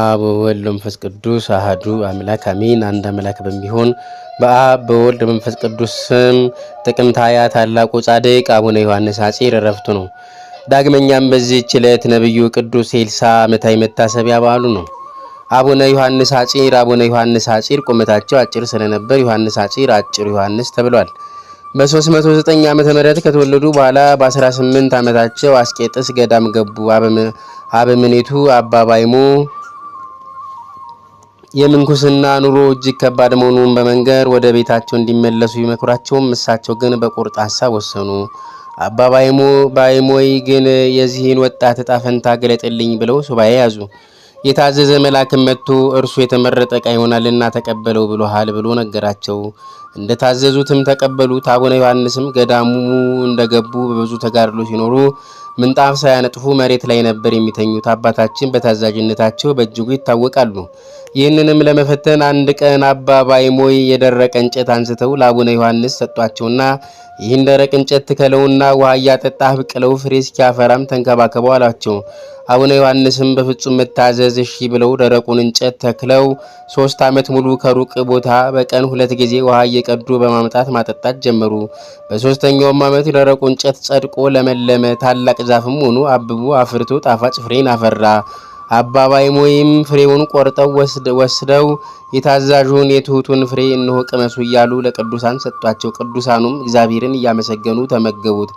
አብ በወልድ መንፈስ ቅዱስ አህዱ አምላክ አሜን። አንድ አምላክ በሚሆን በአብ በወልድ መንፈስ ቅዱስ ስም ጥቅምት ሃያ ታላቁ ጻድቅ አቡነ ዮሐንስ ሐጺር እረፍቱ ነው። ዳግመኛም በዚህች ዕለት ነቢዩ ቅዱስ ኤልሳዕ ዓመታዊ መታሰቢያ በዓሉ ነው። አቡነ ዮሐንስ ሐጺር አቡነ ዮሐንስ ሐጺር ቁመታቸው አጭር ስለነበር ዮሐንስ ሐጺር አጭር ዮሐንስ ተብሏል። በ309 ዓመተ ምህረት ከተወለዱ በኋላ በ18 ዓመታቸው አስቄጥስ ገዳም ገቡ። አበምኔቱ አባ ባይሞ የምንኩስና ኑሮ እጅግ ከባድ መሆኑን በመንገር ወደ ቤታቸው እንዲመለሱ ቢመክሯቸውም እሳቸው ግን በቁርጥ ሀሳብ ወሰኑ። አባ ባይሞይ ግን የዚህን ወጣት እጣ ፈንታ ገለጥልኝ ብለው ሱባኤ ያዙ። የታዘዘ መልአክ መጥቶ እርሱ የተመረጠ ዕቃ ይሆናልና ተቀበለው ብሎሃል ብሎ ነገራቸው። እንደታዘዙትም ተቀበሉት። አቡነ ዮሐንስም ገዳሙ እንደገቡ በብዙ ተጋድሎ ሲኖሩ ምንጣፍ ሳያነጥፉ መሬት ላይ ነበር የሚተኙት። አባታችን በታዛዥነታቸው በእጅጉ ይታወቃሉ። ይህንንም ለመፈተን አንድ ቀን አባ ባይሞይ የደረቀ እንጨት አንስተው ለአቡነ ዮሐንስ ሰጧቸውና ይህን ደረቅ እንጨት ትከለውና ውሃ እያጠጣህ ብቅለው ፍሬ እስኪያፈራም ተንከባከበው አሏቸው። አቡነ ዮሐንስም በፍጹም መታዘዝ እሺ ብለው ደረቁን እንጨት ተክለው ሶስት ዓመት ሙሉ ከሩቅ ቦታ በቀን ሁለት ጊዜ ውሃ እየቀዱ በማምጣት ማጠጣት ጀመሩ። በሶስተኛውም ዓመት ደረቁ እንጨት ጸድቆ ለመለመ፣ ታላቅ ዛፍም ሆኖ አብቦ አፍርቶ ጣፋጭ ፍሬን አፈራ። አባባይ ሞይም ፍሬውን ቆርጠው ወስደው የታዛዡን የትሁቱን ፍሬ እንሆ ቅመሱ እያሉ ለቅዱሳን ሰጧቸው። ቅዱሳኑም እግዚአብሔርን እያመሰገኑ ተመገቡት።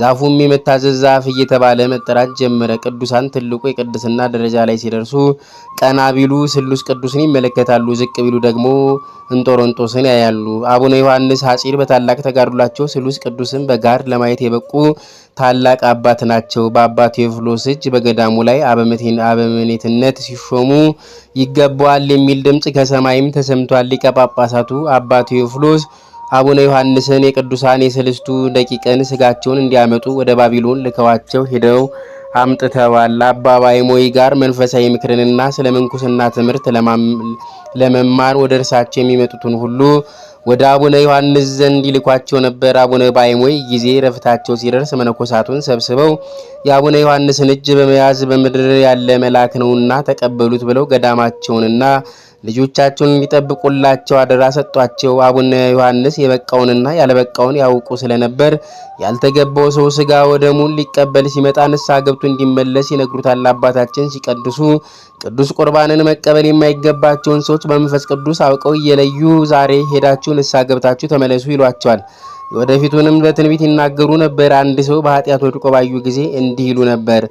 ዛፉም የመታዘዝ ዛፍ እየተባለ መጠራት ጀመረ። ቅዱሳን ትልቁ የቅድስና ደረጃ ላይ ሲደርሱ ቀና ቢሉ ስሉስ ቅዱስን ይመለከታሉ፣ ዝቅ ቢሉ ደግሞ እንጦሮንጦስን ያያሉ። አቡነ ዮሐንስ ሐጺር በታላቅ ተጋድሏቸው ስሉስ ቅዱስን በጋር ለማየት የበቁ ታላቅ አባት ናቸው። በአባ ቴዎፍሎስ እጅ በገዳሙ ላይ አበምኔትነት ሲሾሙ ይገባዋል የሚል ድምፅ ከሰማይም ተሰምቷል። ሊቀ ጳጳሳቱ አባ ቴዎፍሎስ አቡነ ዮሐንስን የቅዱሳን የሰለስቱ ደቂቅን ስጋቸውን እንዲያመጡ ወደ ባቢሎን ልከዋቸው ሄደው አምጥተዋል። አባ ባይሞይ ጋር መንፈሳዊ ምክርንና ስለ ምንኩስና ትምህርት ለመማር ወደ እርሳቸው የሚመጡትን ሁሉ ወደ አቡነ ዮሐንስ ዘንድ ይልኳቸው ነበር። አቡነ ባይሞይ ጊዜ ረፍታቸው ሲደርስ መነኮሳቱን ሰብስበው የአቡነ ዮሐንስን እጅ በመያዝ በምድር ያለ መልአክ ነውና ተቀበሉት ብለው ገዳማቸውንና ልጆቻቸውን እንዲጠብቁላቸው አደራ ሰጧቸው። አቡነ ዮሐንስ የበቃውንና ያለበቃውን ያውቁ ስለነበር ያልተገባው ሰው ስጋ ወደሙን ሊቀበል ሲመጣ ንስሐ ገብቶ እንዲመለስ ይነግሩታል። አባታችን ሲቀድሱ ቅዱስ ቁርባንን መቀበል የማይገባቸውን ሰዎች በመንፈስ ቅዱስ አውቀው እየለዩ ዛሬ ሄዳችሁ ንስሐ ገብታችሁ ተመለሱ ይሏቸዋል። ወደፊቱንም ለትንቢት ይናገሩ ነበር። አንድ ሰው በኃጢአት ወድቆ ባዩ ጊዜ እንዲህ ይሉ ነበር፣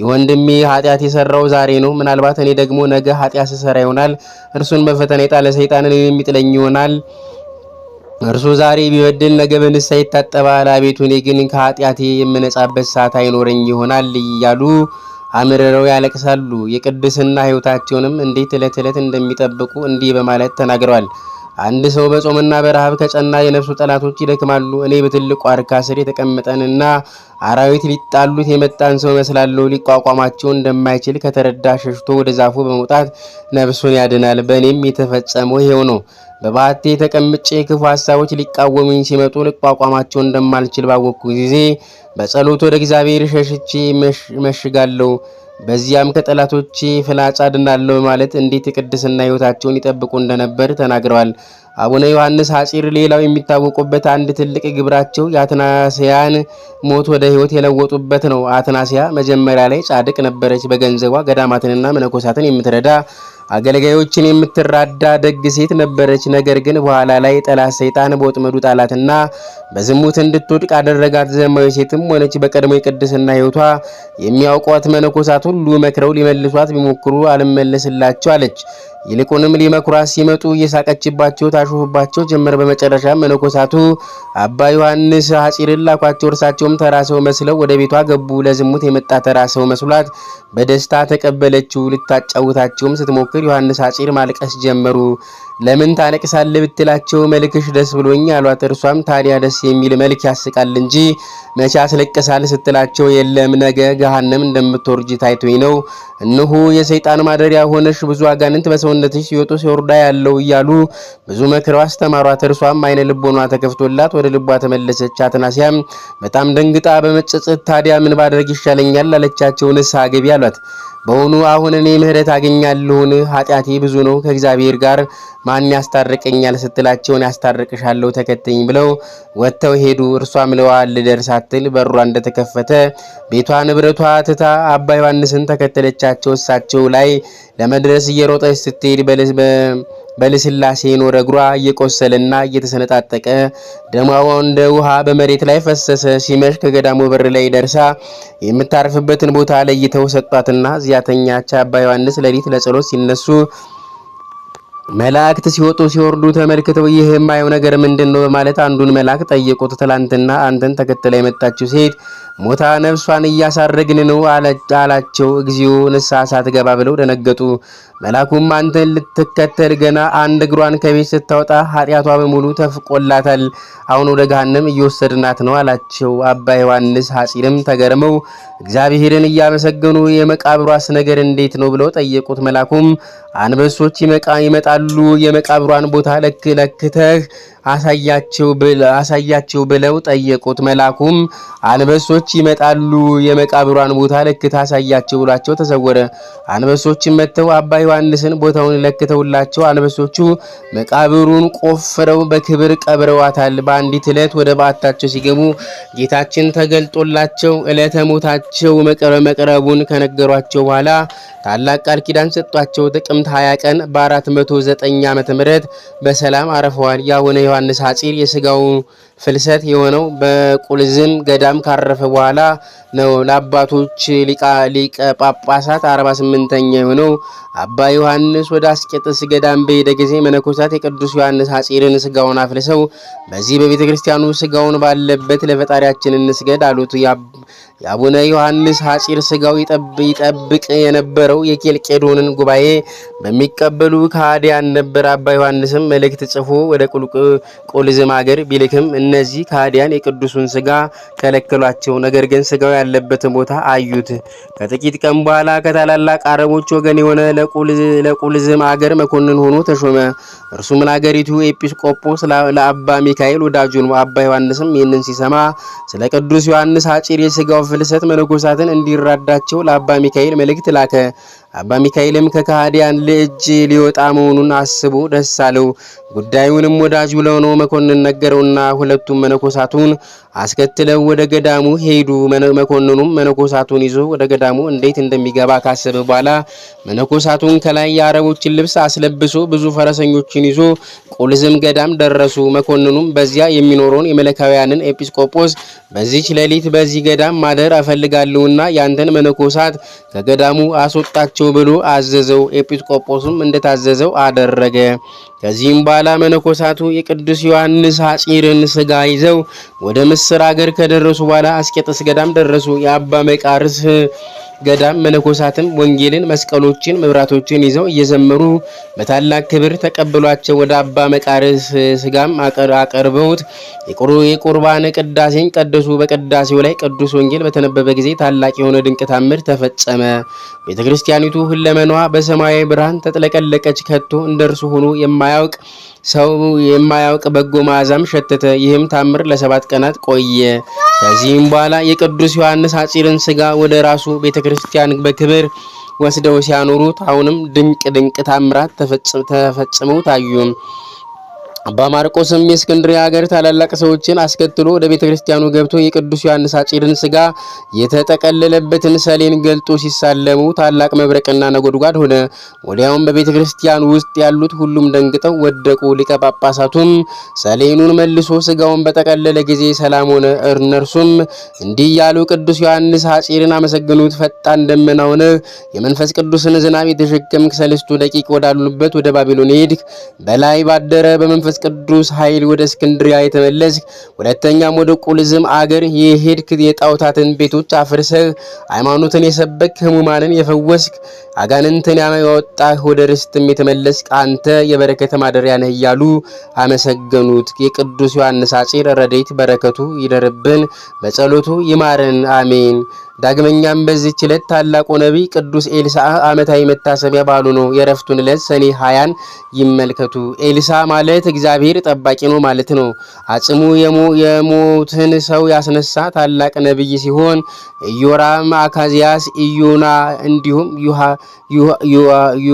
የወንድሜ ኃጢአት የሰራው ዛሬ ነው። ምናልባት እኔ ደግሞ ነገ ኃጢአት ስሰራ ይሆናል። እርሱን በፈተና የጣለ ሰይጣንን የሚጥለኝ ይሆናል። እርሱ ዛሬ ቢበድል ነገ በንስሐ ይታጠባል። አቤቱ እኔ ግን ከኃጢአቴ የምነጻበት ሰዓት አይኖረኝ ይሆናል እያሉ አምርረው ያለቅሳሉ። የቅድስና ሕይወታቸውንም እንዴት ዕለት ዕለት እንደሚጠብቁ እንዲህ በማለት ተናግረዋል። አንድ ሰው በጾምና በረሃብ ከጸና የነፍሱ ጠላቶች ይደክማሉ። እኔ በትልቁ ዋርካ ስር የተቀመጠንና አራዊት ሊጣሉት የመጣን ሰው መስላለሁ። ሊቋቋማቸው እንደማይችል ከተረዳ ሸሽቶ ወደ ዛፉ በመውጣት ነፍሱን ያድናል። በእኔም የተፈጸመው ይሄው ነው። በባቴ ተቀምጬ ክፉ ሀሳቦች ሊቃወሙኝ ሲመጡ ልቋቋማቸው እንደማልችል ባወቅኩ ጊዜ በጸሎት ወደ እግዚአብሔር ሸሽቼ መሽጋለሁ። በዚያም ከጠላቶች ፍላጻ ድናለው ማለት እንዴት የቅድስና ሕይወታቸውን ይጠብቁ እንደነበር ተናግረዋል። አቡነ ዮሐንስ ሐጺር ሌላው የሚታወቁበት አንድ ትልቅ ግብራቸው የአትናስያን ሞት ወደ ሕይወት የለወጡበት ነው። አትናስያ መጀመሪያ ላይ ጻድቅ ነበረች። በገንዘቧ ገዳማትንና መነኮሳትን የምትረዳ አገልጋዮችን የምትራዳ ደግ ሴት ነበረች። ነገር ግን በኋላ ላይ ጠላት ሰይጣን በወጥመዱ ጣላትና በዝሙት እንድትወድቅ አደረጋት። ዘማዊ ሴትም ሆነች በቀድሞ የቅድስና ሕይወቷ የሚያውቋት መነኮሳት ሁሉ መክረው ሊመልሷት ቢሞክሩ አልመለስላቸው አለች። ይልቁንም ሊመኩራት ሲመጡ እየሳቀችባቸው ታሾፍባቸው ጀመር። በመጨረሻ መነኮሳቱ አባ ዮሐንስ ሐጺርን ላኳቸው። እርሳቸውም ተራሰው መስለው ወደ ቤቷ ገቡ። ለዝሙት የመጣ ተራሰው መስሏት በደስታ ተቀበለችው። ልታጫውታቸውም ስትሞክር ዮሐንስ ሐጺር ማልቀስ ጀመሩ። ለምን ታለቅሳለ ብትላቸው መልክሽ ደስ ብሎኝ አሏት። እርሷም ታዲያ ደስ የሚል መልክ ያስቃል እንጂ መቼ ያስለቅሳል ስትላቸው የለም ነገ ገሃነም እንደምትወርጂ ታይቶኝ ነው። እነሆ የሰይጣን ማደሪያ ሆነሽ ብዙ አጋንንት በሰው ሰውነትሽ ሲወጡ ሲወርዳ ያለው እያሉ ብዙ መክረው አስተማሯት። እርሷም አይነ ልቦኗ ተከፍቶላት ወደ ልቧ ተመለሰች። አትናሲያም በጣም ደንግጣ በመጸጸት ታዲያ ምን ባደርግ ይሻለኛል አለቻቸው። ንስሐ ግቢ አሏት። በውኑ አሁን እኔ ምህረት አገኛለሁን? ኃጢአቴ ብዙ ነው፣ ከእግዚአብሔር ጋር ማን ያስታርቀኛል? ስትላቸውን ያስታርቅሻለሁ ተከተኝ ብለው ወጥተው ሄዱ። እርሷም ለዋ ልደርስ አትል በሯ እንደተከፈተ ቤቷ ንብረቷ ትታ አባ ዮሐንስን ተከተለቻቸው። እሳቸው ላይ ለመድረስ እየሮጠች ስትሄድ በልስላሴ ኖረ እግሯ እየቆሰለና እየተሰነጣጠቀ ደማዋ እንደ ውሃ በመሬት ላይ ፈሰሰ። ሲመሽ ከገዳሙ በር ላይ ደርሳ የምታርፍበትን ቦታ ለይተው ሰጧትና ዚያተኛቻ አባ ዮሐንስ ሌሊት ለጸሎት ሲነሱ መላእክት ሲወጡ ሲወርዱ ተመልክተው ይህ የማየው ነገር ምንድን ነው? በማለት አንዱን መልአክ ጠየቁት። ትላንትና አንተን ተከትላ የመጣችው ሴት ሞታ ነፍሷን እያሳረግን ነው አላቸው። እግዚኦ ንስሐ ሳትገባ ብለው ደነገጡ። መልአኩም አንተን ልትከተል ገና አንድ እግሯን ከቤት ስታወጣ ኃጢአቷ በሙሉ ተፍቆላታል፣ አሁን ወደ ገሃነም እየወሰድናት ነው አላቸው። አባ ዮሐንስ ሐጺርም ተገርመው እግዚአብሔርን እያመሰገኑ የመቃብሯስ ነገር እንዴት ነው ብለው ጠየቁት። መልአኩም አንበሶች ይመጣሉ የመቃብሯን ቦታ ለክ ለክተህ አሳያቸው ብለው ጠየቁት። መልአኩም አንበሶች ይመጣሉ፣ የመቃብሯን ቦታ ለክታ አሳያቸው ብሏቸው ተሰወረ። አንበሶችም መጥተው አባ ዮሐንስን ቦታውን ለክተውላቸው አንበሶቹ መቃብሩን ቆፍረው በክብር ቀብረዋታል። በአንዲት ዕለት ወደ በዓታቸው ሲገቡ ጌታችን ተገልጦላቸው ዕለተ ሞታቸው መቅረቡን ከነገሯቸው በኋላ ታላቅ ቃል ኪዳን ሰጧቸው። ጥቅምት 20 ቀን በ409 ም በሰላም አረፈዋል። ያሁነ ዮሐንስ ሐፂር የስጋው ፍልሰት የሆነው በቁልዝም ገዳም ካረፈ በኋላ ነው። ለአባቶች ሊቀ ጳጳሳት 48ኛ የሆነው አባ ዮሐንስ ወደ አስቄጥስ ገዳም በሄደ ጊዜ መነኮሳት የቅዱስ ዮሐንስ ሐፂርን ስጋውን አፍልሰው በዚህ በቤተ ክርስቲያኑ ስጋውን ባለበት ለፈጣሪያችን እንስገድ አሉት። የአቡነ ዮሐንስ ሐጺር ሥጋው ይጠብቅ የነበረው የኬልቄዶንን ጉባኤ በሚቀበሉ ከሃዲያን ነበር። አባ ዮሐንስም መልእክት ጽፎ ወደ ቁልቁልዝም አገር ቢልክም እነዚህ ከሃዲያን የቅዱሱን ሥጋ ከለከሏቸው። ነገር ግን ሥጋው ያለበትን ቦታ አዩት። ከጥቂት ቀን በኋላ ከታላላቅ አረቦች ወገን የሆነ ለቁልዝም አገር መኮንን ሆኖ ተሾመ። እርሱም ለአገሪቱ ኤጲስቆጶስ ለአባ ሚካኤል ወዳጁ ነው። አባ ዮሐንስም ይህንን ሲሰማ ስለ ቅዱስ ዮሐንስ ሐጺር የሥጋው ፍልሰት መነኮሳትን እንዲራዳቸው ለአባ ሚካኤል መልእክት ላከ። አባ ሚካኤልም ከካህዲያን ልእጅ ሊወጣ መሆኑን አስቦ ደስ አለው። ጉዳዩንም ወዳጅ ነው መኮንን ነገረውና ሁለቱም መነኮሳቱን አስከትለው ወደ ገዳሙ ሄዱ። መኮንኑም መነኮሳቱን ይዞ ወደ ገዳሙ እንዴት እንደሚገባ ካሰበ በኋላ መነኮሳቱን ከላይ የአረቦችን ልብስ አስለብሶ ብዙ ፈረሰኞችን ይዞ ቁልዝም ገዳም ደረሱ። መኮንኑም በዚያ የሚኖረውን የመለካውያንን ኤጲስቆጶስ በዚች ሌሊት በዚህ ገዳም ማደር እፈልጋለሁና ያንተን መነኮሳት ከገዳሙ አስወጣቸው አድርጋችሁ ብሎ አዘዘው። ኤጲስቆጶስም እንደታዘዘው አደረገ። ከዚህም በኋላ መነኮሳቱ የቅዱስ ዮሐንስ ሐጺርን ስጋ ይዘው ወደ ምስር አገር ከደረሱ በኋላ አስቄጥስ ገዳም ደረሱ። የአባ መቃርስ ገዳም መነኮሳትም ወንጌልን፣ መስቀሎችን፣ መብራቶችን ይዘው እየዘመሩ በታላቅ ክብር ተቀብሏቸው ወደ አባ መቃርስ ስጋም አቀርበውት የቁርባን ቅዳሴን ቀደሱ። በቅዳሴው ላይ ቅዱስ ወንጌል በተነበበ ጊዜ ታላቅ የሆነ ድንቅ ታምር ተፈጸመ። ቤተ ክርስቲያኒቱ ሁለመኗ በሰማያዊ ብርሃን ተጥለቀለቀች። ከቶ እንደርሱ ሆኖ የማያውቅ ሰው የማያውቅ በጎ መዓዛም ሸተተ። ይህም ታምር ለሰባት ቀናት ቆየ። ከዚህም በኋላ የቅዱስ ዮሐንስ አጺርን ስጋ ወደ ራሱ ቤተ ክርስቲያን በክብር ወስደው ሲያኖሩት አሁንም ድንቅ ድንቅ ታምራት ተፈጽመው ታዩ። አባ ማርቆስም የእስክንድርያ ሀገር ታላላቅ ሰዎችን አስከትሎ ወደ ቤተ ክርስቲያኑ ገብቶ የቅዱስ ዮሐንስ አጭርን ስጋ የተጠቀለለበትን ሰሌን ገልጦ ሲሳለሙ ታላቅ መብረቅና ነጎድጓድ ሆነ። ወዲያውም በቤተ ክርስቲያን ውስጥ ያሉት ሁሉም ደንግጠው ወደቁ። ሊቀ ጳጳሳቱም ሰሌኑን መልሶ ስጋውን በጠቀለለ ጊዜ ሰላም ሆነ። እነርሱም እንዲህ ያሉ ቅዱስ ዮሐንስ አጭድን አመሰግኑት። ፈጣን ደመና ሆነ። የመንፈስ ቅዱስን ዝናብ የተሸከምክ ሰልስቱ ደቂቅ ወዳሉበት ወደ ባቢሎን ሄድክ። በላይ ባደረ በመንፈስ በመንፈስ ቅዱስ ኃይል ወደ እስክንድሪያ የተመለስክ ሁለተኛም ወደ ቁልዝም አገር የሄድክ የጣዖታትን ቤቶች አፍርሰህ ሃይማኖትን የሰበክ ህሙማንን የፈወስክ አጋንንትን ያወጣህ ወደ ርስትም የተመለስክ አንተ የበረከተ ማደሪያ ነህ እያሉ አመሰገኑት። የቅዱስ ዮሐንስ አጭር ረዴት በረከቱ ይደርብን፣ በጸሎቱ ይማረን፣ አሜን። ዳግመኛም በዚህች ዕለት ታላቁ ነቢይ ቅዱስ ኤልሳ ዓመታዊ መታሰቢያ በዓሉ ነው። የረፍቱን ዕለት ሰኔ ሀያን ይመልከቱ። ኤልሳ ማለት እግዚአብሔር ጠባቂ ነው ማለት ነው። አጽሙ የሞትን ሰው ያስነሳ ታላቅ ነቢይ ሲሆን ኢዮራም፣ አካዚያስ፣ ኢዩና እንዲሁም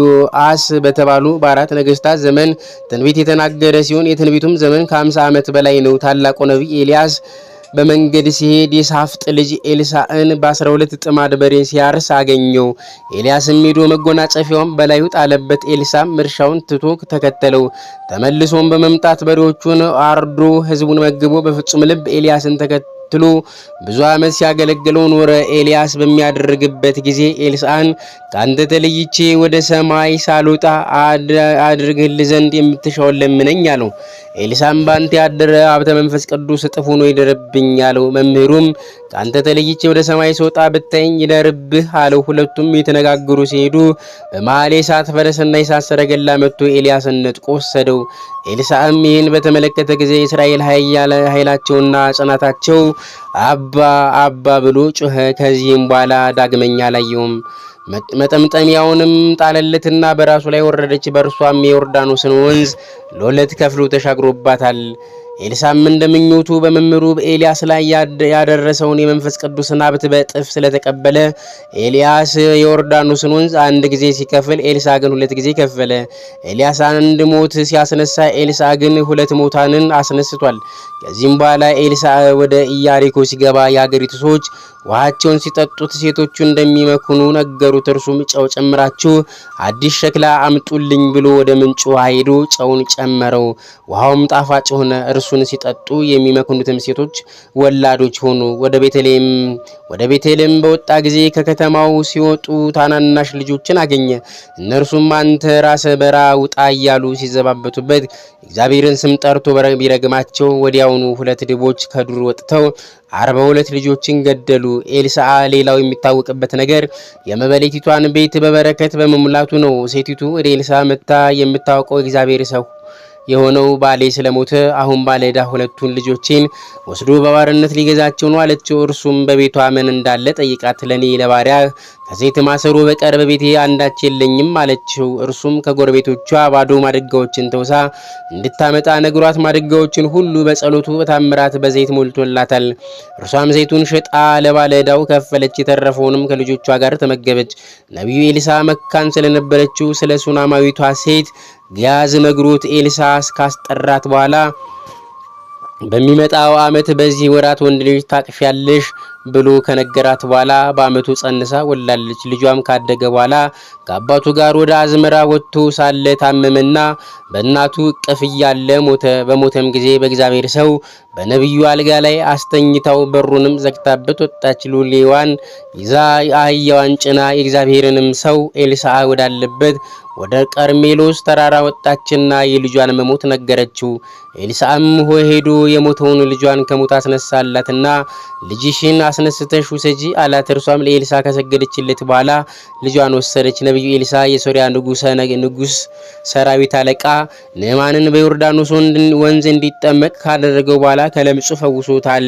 ዩአስ በተባሉ በአራት ነገስታት ዘመን ትንቢት የተናገረ ሲሆን የትንቢቱም ዘመን ከ50 ዓመት በላይ ነው። ታላቁ ነቢይ ኤልያስ በመንገድ ሲሄድ የሳፍጥ ልጅ ኤልሳዕን በ12 ጥማድ በሬ ሲያርስ አገኘው። ኤልያስም ሄዶ መጎናጸፊያውን በላዩ ጣለበት። ኤልሳም እርሻውን ትቶ ተከተለው። ተመልሶም በመምጣት በሬዎቹን አርዶ ህዝቡን መግቦ በፍጹም ልብ ኤልያስን ተከተለ። ተከትሎ ብዙ ዓመት ሲያገለግለው ኖረ። ኤልያስ በሚያደርግበት ጊዜ ኤልሳን ካንተ ተለይቼ ወደ ሰማይ ሳልወጣ አድርግል ዘንድ የምትሻውን ለምነኝ አለው። ኤልሳን ባንተ ያደረ ሀብተ መንፈስ ቅዱስ እጥፍ ሆኖ ይደርብኝ አለው። መምህሩም ካንተ ተለይቼ ወደ ሰማይ ስወጣ ብታየኝ ይደርብህ አለው። ሁለቱም የተነጋገሩ ሲሄዱ በመሃል የእሳት ፈረስና የእሳት ሰረገላ መጥቶ ኤልያስን ነጥቆ ወሰደው። ኤልሳዕም ይህን በተመለከተ ጊዜ የእስራኤል ኃይላቸውና ጽናታቸው አባ አባ ብሎ ጮኸ። ከዚህም በኋላ ዳግመኛ አላየውም። መጠምጠሚያውንም ጣለለትና በራሱ ላይ ወረደች። በእርሷም የዮርዳኖስን ወንዝ ለሁለት ከፍሎ ተሻግሮባታል። ኤልሳም እንደ ምኞቱ በመምህሩ በኤልያስ ላይ ያደረሰውን የመንፈስ ቅዱስን ሀብት በእጥፍ ስለተቀበለ ኤልያስ የዮርዳኖስን ወንዝ አንድ ጊዜ ሲከፍል ኤልሳ ግን ሁለት ጊዜ ከፈለ። ኤልያስ አንድ ሞት ሲያስነሳ ኤልሳ ግን ሁለት ሞታንን አስነስቷል። ከዚህም በኋላ ኤልሳ ወደ ኢያሪኮ ሲገባ የአገሪቱ ሰዎች ውሃቸውን ሲጠጡት ሴቶቹ እንደሚመኩኑ ነገሩት። እርሱም ጨው ጨምራችሁ አዲስ ሸክላ አምጡልኝ ብሎ ወደ ምንጩ ሄዶ ጨውን ጨመረው። ውሃውም ጣፋጭ ሆነ። እርሱን ሲጠጡ የሚመክኑትም ሴቶች ወላዶች ሆኑ። ወደ ቤተልሔም ወደ ቤተልሔም በወጣ ጊዜ ከከተማው ሲወጡ ታናናሽ ልጆችን አገኘ። እነርሱም አንተ ራሰ በራ ውጣ እያሉ ሲዘባበቱበት እግዚአብሔርን ስም ጠርቶ ቢረግማቸው ወዲያውኑ ሁለት ድቦች ከዱር ወጥተው አርባ ሁለት ልጆችን ገደሉ። ኤልሳአ ሌላው የሚታወቅበት ነገር የመበለቲቷን ቤት በበረከት በመሙላቱ ነው። ሴቲቱ ወደ ኤልሳ መታ የምታውቀው እግዚአብሔር ሰው የሆነው ባሌ ስለሞተ አሁን ባለዳ ሁለቱን ልጆቼን ወስዶ በባርነት ሊገዛቸው ነው አለችው። እርሱም በቤቷ ምን እንዳለ ጠይቃት፣ ለኔ ለባሪያ ከሴት ማሰሮ በቀር በቤቴ አንዳች የለኝም አለችው። እርሱም ከጎረቤቶቿ ባዶ ማድጋዎችን ተውሳ እንድታመጣ ነግሯት፣ ማድጋዎችን ሁሉ በጸሎቱ በታምራት በዘይት ሞልቶላታል። እርሷም ዘይቱን ሸጣ ለባለዕዳው ከፈለች፣ የተረፈውንም ከልጆቿ ጋር ተመገበች። ነቢዩ ኤልሳ መካን ስለነበረችው ስለ ሱናማዊቷ ሴት ግያዝ ነግሩት ኤልሳስ ካስጠራት በኋላ በሚመጣው ዓመት በዚህ ወራት ወንድ ልጅ ታቅፊያለሽ ብሎ ከነገራት በኋላ በዓመቱ ጸንሳ ወላለች። ልጇም ካደገ በኋላ ከአባቱ ጋር ወደ አዝመራ ወጥቶ ሳለ ታመመና በእናቱ ቅፍ እያለ ሞተ። በሞተም ጊዜ በእግዚአብሔር ሰው በነቢዩ አልጋ ላይ አስተኝታው በሩንም ዘግታበት ወጣች። ሉሌዋን ይዛ የአህያዋን ጭና የእግዚአብሔርንም ሰው ኤልሳ ወዳለበት ወደ ቀርሜሎስ ተራራ ወጣችና የልጇን መሞት ነገረችው። ኤልሳም ሆይ ሄዶ የሞተውን ልጇን ከሞት አስነሳላትና ልጅሽን አስነስተሽ ውሰጂ አላት። እርሷም ለኤልሳ ከሰገደችለት በኋላ ልጇን ወሰደች። ነቢዩ ኤልሳ የሶሪያ ንጉስ ሰራዊት አለቃ ንዕማንን በዮርዳኖስ ወንዝ እንዲጠመቅ ካደረገው በኋላ ከለምጹ ፈውሶታል።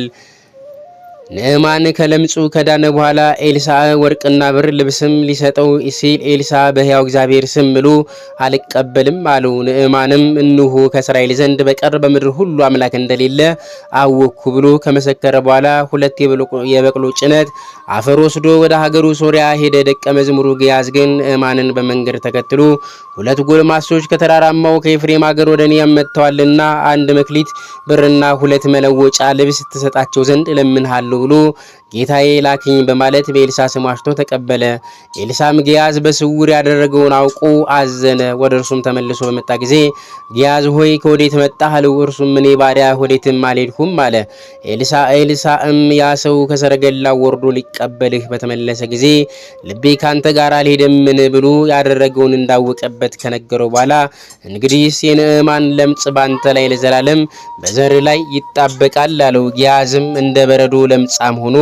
ንዕማን ከለምጹ ከዳነ በኋላ ኤልሳ ወርቅና ብር ልብስም ሊሰጠው ሲል ኤልሳ በሕያው እግዚአብሔር ስም ምሉ አልቀበልም አሉ። ንዕማንም እንሆ ከእስራኤል ዘንድ በቀር በምድር ሁሉ አምላክ እንደሌለ አወኩ ብሎ ከመሰከረ በኋላ ሁለት የበቅሎ ጭነት አፈር ወስዶ ወደ ሀገሩ ሶሪያ ሄደ። ደቀ መዝሙሩ ግያዝ ግን ንዕማንን በመንገድ ተከትሎ ሁለት ጎልማሶች ከተራራማው ከኤፍሬም ሀገር ወደ እኔ መጥተዋልና አንድ መክሊት ብርና ሁለት መለወጫ ልብስ ትሰጣቸው ዘንድ እለምንሃለሁ ভিডিওগুলো ጌታዬ ላክኝ በማለት በኤልሳ ስም ዋሽቶ ተቀበለ። ኤልሳም ግያዝ በስውር ያደረገውን አውቆ አዘነ። ወደ እርሱም ተመልሶ በመጣ ጊዜ ግያዝ ሆይ ከወዴት መጣህ አለው። እርሱም እኔ ባሪያ ወዴትም አልሄድኩም አለ። ኤልሳ ኤልሳም ያ ሰው ከሰረገላ ወርዶ ሊቀበልህ በተመለሰ ጊዜ ልቤ ካንተ ጋር አልሄደምን ብሎ ያደረገውን እንዳወቀበት ከነገረው በኋላ እንግዲህ የንዕማን ለምጽ ባንተ ላይ ለዘላለም በዘር ላይ ይጣበቃል አለው። ግያዝም እንደ በረዶ ለምጻም ሆኖ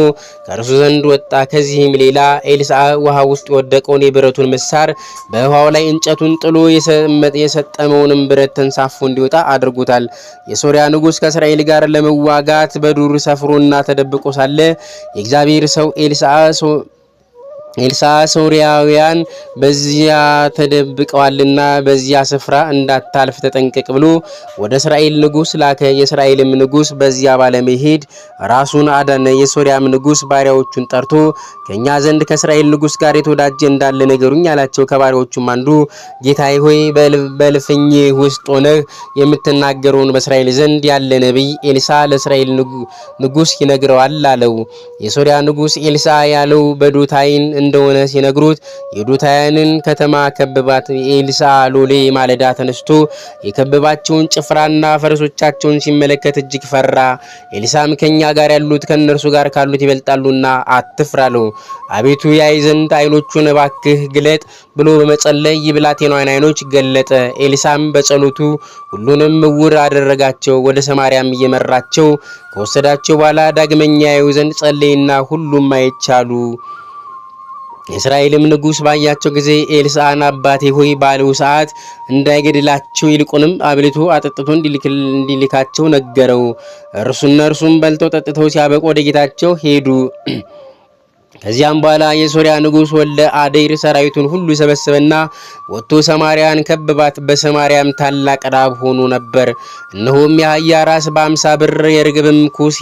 ከእርሱ ዘንድ ወጣ። ከዚህም ሌላ ኤልሳ ውሃ ውስጥ የወደቀውን የብረቱን ምሳር በውሃው ላይ እንጨቱን ጥሎ የሰጠመውንም ብረት ተንሳፎ እንዲወጣ አድርጎታል። የሶሪያ ንጉሥ ከእስራኤል ጋር ለመዋጋት በዱር ሰፍሮና ተደብቆ ሳለ የእግዚአብሔር ሰው ኤልሳ ኤልሳ ሶርያውያን በዚያ ተደብቀዋልና በዚያ ስፍራ እንዳታልፍ ተጠንቀቅ ብሎ ወደ እስራኤል ንጉስ ላከ። የእስራኤልም ንጉስ በዚያ ባለመሄድ ራሱን አዳነ። የሶርያም ንጉስ ባሪያዎቹን ጠርቶ ከእኛ ዘንድ ከእስራኤል ንጉስ ጋር የተወዳጀ እንዳለ ነገሩኝ አላቸው። ከባሪያዎቹም አንዱ ጌታዬ ሆይ በልፍኝ ውስጥ ሆነህ የምትናገረውን በእስራኤል ዘንድ ያለ ነቢይ ኤልሳ ለእስራኤል ንጉስ ይነግረዋል አለው። የሶርያ ንጉስ ኤልሳ ያለው በዶታይን እንደሆነ ሲነግሩት የዱታያንን ከተማ ከበባት። ኤልሳ ሎሌ ማለዳ ተነስቶ የከበባቸውን ጭፍራና ፈረሶቻቸውን ሲመለከት እጅግ ፈራ። ኤልሳም ከኛ ጋር ያሉት ከእነርሱ ጋር ካሉት ይበልጣሉና አትፍራሉ። አቤቱ ያይ ዘንድ አይኖቹን እባክህ ግለጥ ብሎ በመጸለይ የብላቴናዋን አይኖች ገለጠ። ኤልሳም በጸሎቱ ሁሉንም እውር አደረጋቸው። ወደ ሰማርያም እየመራቸው ከወሰዳቸው በኋላ ዳግመኛ ያዩ ዘንድ ጸለይና ሁሉም አይቻሉ የእስራኤልም ንጉሥ ባያቸው ጊዜ ኤልሳዕን አባቴ ሆይ ባለው ሰዓት እንዳይገድላቸው ይልቁንም አብልቶ አጠጥቶ እንዲልካቸው ነገረው። እርሱና እርሱም በልተው ጠጥተው ሲያበቁ ወደ ጌታቸው ሄዱ። ከዚያም በኋላ የሶሪያ ንጉሥ ወልደ አዴር ሰራዊቱን ሁሉ ሰበሰበና ወጥቶ ሰማርያን ከበባት። በሰማርያም ታላቅ ራብ ሆኖ ነበር። እነሆም የአህያ ራስ በአምሳ ብር የርግብም ኩስ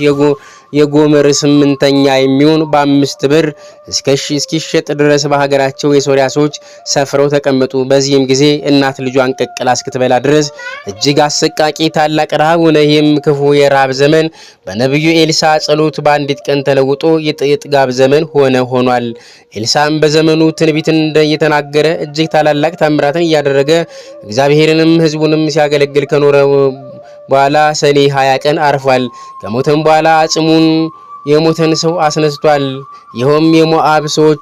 የጎመር ስምንተኛ የሚሆን በአምስት ብር እስከ እስኪሸጥ ድረስ በሀገራቸው የሶሪያ ሰዎች ሰፍረው ተቀመጡ። በዚህም ጊዜ እናት ልጇን ቀቅላ እስክትበላ ድረስ እጅግ አሰቃቂ ታላቅ ረሃብ ሆነ። ይህም ክፉ የረሃብ ዘመን በነቢዩ ኤልሳ ጸሎት በአንዲት ቀን ተለውጦ የጥጋብ ዘመን ሆነ ሆኗል። ኤልሳም በዘመኑ ትንቢትን እየተናገረ እጅግ ታላላቅ ታምራትን እያደረገ እግዚአብሔርንም ህዝቡንም ሲያገለግል ከኖረ በኋላ ሰኔ 20 ቀን አርፏል። ከሞተም በኋላ አጽሙን የሞተን ሰው አስነስቷል። ይኸውም የሞአብ ሰዎች